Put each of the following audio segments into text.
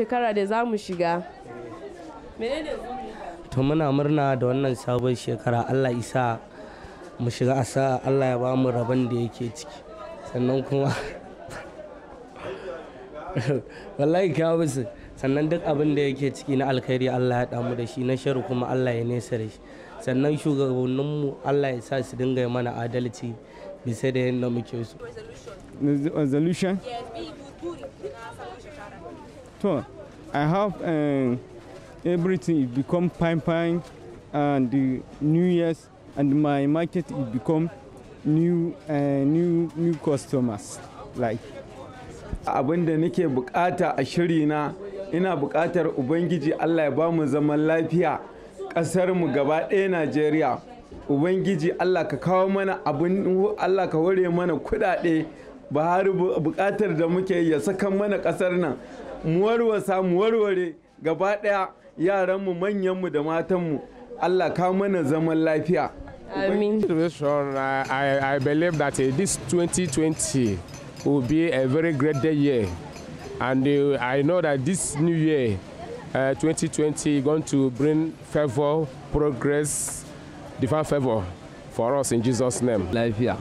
shekara da za mu shiga to muna murna da wannan sabon shekara allah isa mu shiga a sa allah ya ba mu rabon da yake ciki sannan kuma wallahi kawo sannan duk abin da yake ciki na alkhairi allah ya damu da shi na sharu kuma allah ya nesa da shi sannan shugabanninmu allah ya sa su dinga mana adalci bisa da yadda muke so resolution to i have um, everything it become fine fine and the new years and my market it become new uh, new new customers like abin da nake bukata a shirina ina bukatar ubangiji allah ya bamu zaman lafiya kasar mu gaba ɗaya najeriya ubangiji allah ka kawo mana abin allah ka ware mana kuɗaɗe buhari bukatar da muke ya sakan mana ƙasar nan mu warwasa mu warware gaba mu yaranmu manyanmu da matanmu allah ka mana zaman lafiya Amin. I, I believe that uh, this 2020 will be a very great day year. And uh, I know that this new year, uh, eh, 2020, is going to bring favor, progress, divine favor. for us in Jesus name. Lafiya.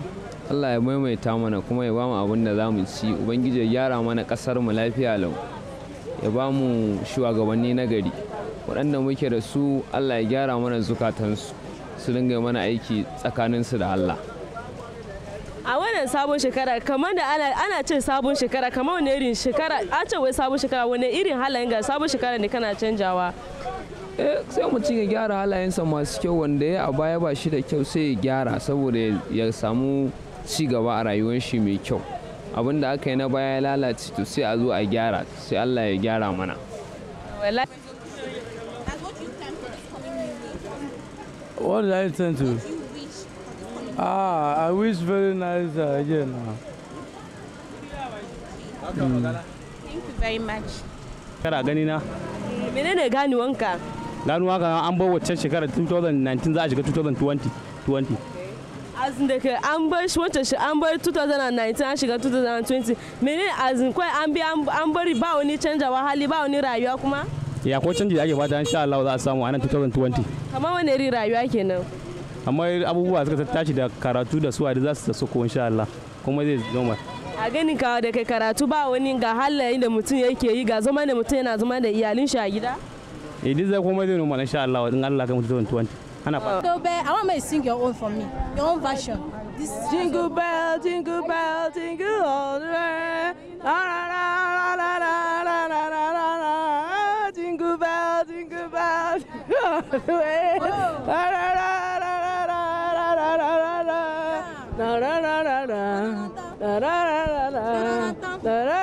Allah ya maimaita mana kuma ya bamu abin da za mu ci Ubangiji ya gyara mana kasar mu lafiya lau ya bamu shugabanni na gari waɗanda muke da su Allah ya gyara mana zukatan su dinga mana aiki tsakaninsu da Allah. a wannan sabon shekara kamar da ana, ana ce sabon shekara kamar wani irin shekara a ce wai sabon shekara wani irin halayen ga sabon shekara ne kana canjawa Eh, sai mutum ya gyara halayensa masu kyau wanda ya a baya ba shi da kyau sai ya gyara saboda ya samu ci gaba a rayuwar shi mai kyau abin da aka yi na baya ya lalace to sai a zo a gyara sai Allah ya gyara mana What did I listen to? Ah, I wish very nice uh, again. Mm. Thank you very much. kada gani na? Eh, menene wanka lanu haka an bar wacce shekara 2019 za a shiga 2020 azin da ke an bar shi wacce shi an bar 2019 an shiga 2020 mene azin kawai an bi an bari ba wani canjawa hali ba wani rayuwa kuma ya ko canji da ake fata insha Allah za a samu a nan 2020 kamar wani iri rayuwa kenan amma abubuwa suka tashi da karatu da suwa da za su sako insha Allah kuma zai zama a ganin kawo da kai karatu ba wani ga halayen da mutum yake yi ga zama da mutum yana zama da iyalin shi a gida It is a comedy inshallah, in Allah come to 2020. Jingle bell, I want me to sing your own for me, your own version. This jingle bell, jingle bell, jingle all the way. La la la la la la la la la la. Jingle bell, jingle bell, jingle all the way. La la la la la la la la la la la la la la la la la la la la.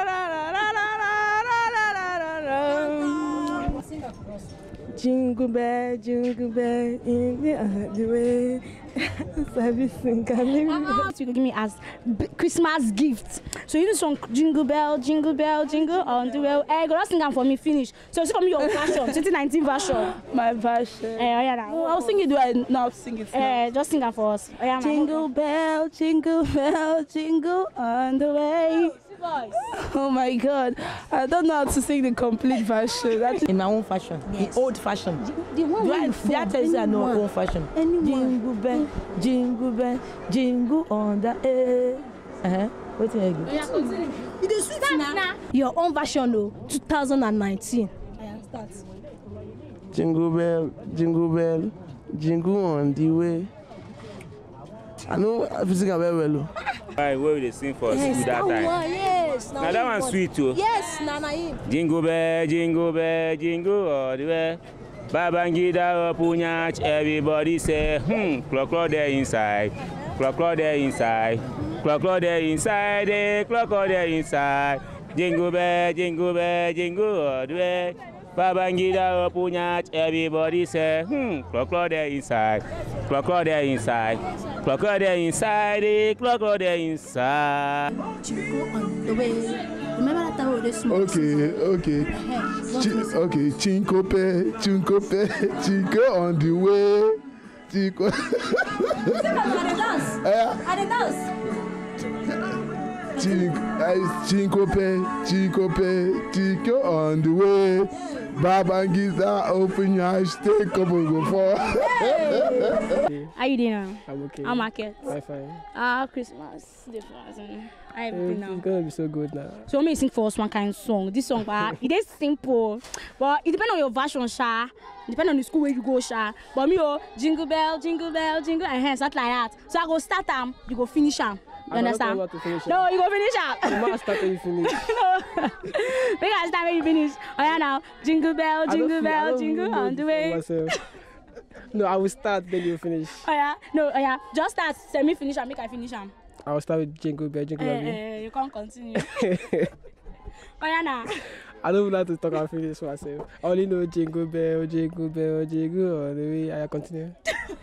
Jingle bell, jingle bell, in the other way. Servicing coming. Mama, you could give me as Christmas gift. So you do some jingle bell, jingle bell, jingle on the well. Hey, eh, go just sing them for me. Finish. So sing for me your version, 2019 version. My version. Eh, oh yeah now. I'll sing it. Do I now sing it? Eh, just sing them for us. Oh, yeah, jingle bell, jingle bell, jingle on the way. Oh my God. I don't know how to sing the complete version. That's In my own fashion. Yes. The old fashion. The, the one that, for that is our own fashion. Anyone. Jingle bell, mm. jingle bell, jingle on the air. Uh-huh. What are I go. You dey sweet na. na. Your own version o, 2019. I start. Jingle bell, jingle bell, jingle on the way. I know physical very well o. Oh. Alright, where we dey sing for yes, that time? yeah. Yes, now that one sweet too. Oh. Yes, Nana him. Jingle bell, jingle bell, jingle all the way. Babangida punyach, everybody say, hmm, clock clock there inside, clock clock there inside, clock clock there inside, eh, clock clock there inside. Jingle bell, jingle bell, jingle all the way. Babangida Punyach, everybody say, hmm, clock there inside, clock there inside, clock there inside, clock there inside. Okay, okay. Ch okay, chinkope, chinkope, chinko on the way. Chinko. Are the dance? Are the dance? Chinkope, Chinkope, Chico on the way. Babangiza, open your eyes, take up and go for. How you doing now? I'm okay. How market? Hi, fine. Ah, uh, Christmas, different. I've eh? been now. It's gonna be so good now. So, me sing for us one kind song. This song, but ah, it is simple. But it depend on your version, sha. Depend on the school where you go, sha. But me, oh, jingle bell, jingle bell, jingle, and hands, that like that. So I go start them, you go finish them. You understand? No, you go finish up. You must start when you finish. no. Make I start when you finish. Oh yeah now. Jingle bell, jingle bell, jingle on the way. no, I will start then you finish. Oh yeah. No, oh yeah. Just start. Send me finish and make I finish him. I will start with jingle bell, jingle eh, bell. Eh, eh, you can't continue. oh yeah now. I don't like to talk and finish myself. I only know jingle bell, jingle bell, jingle on the way. I continue.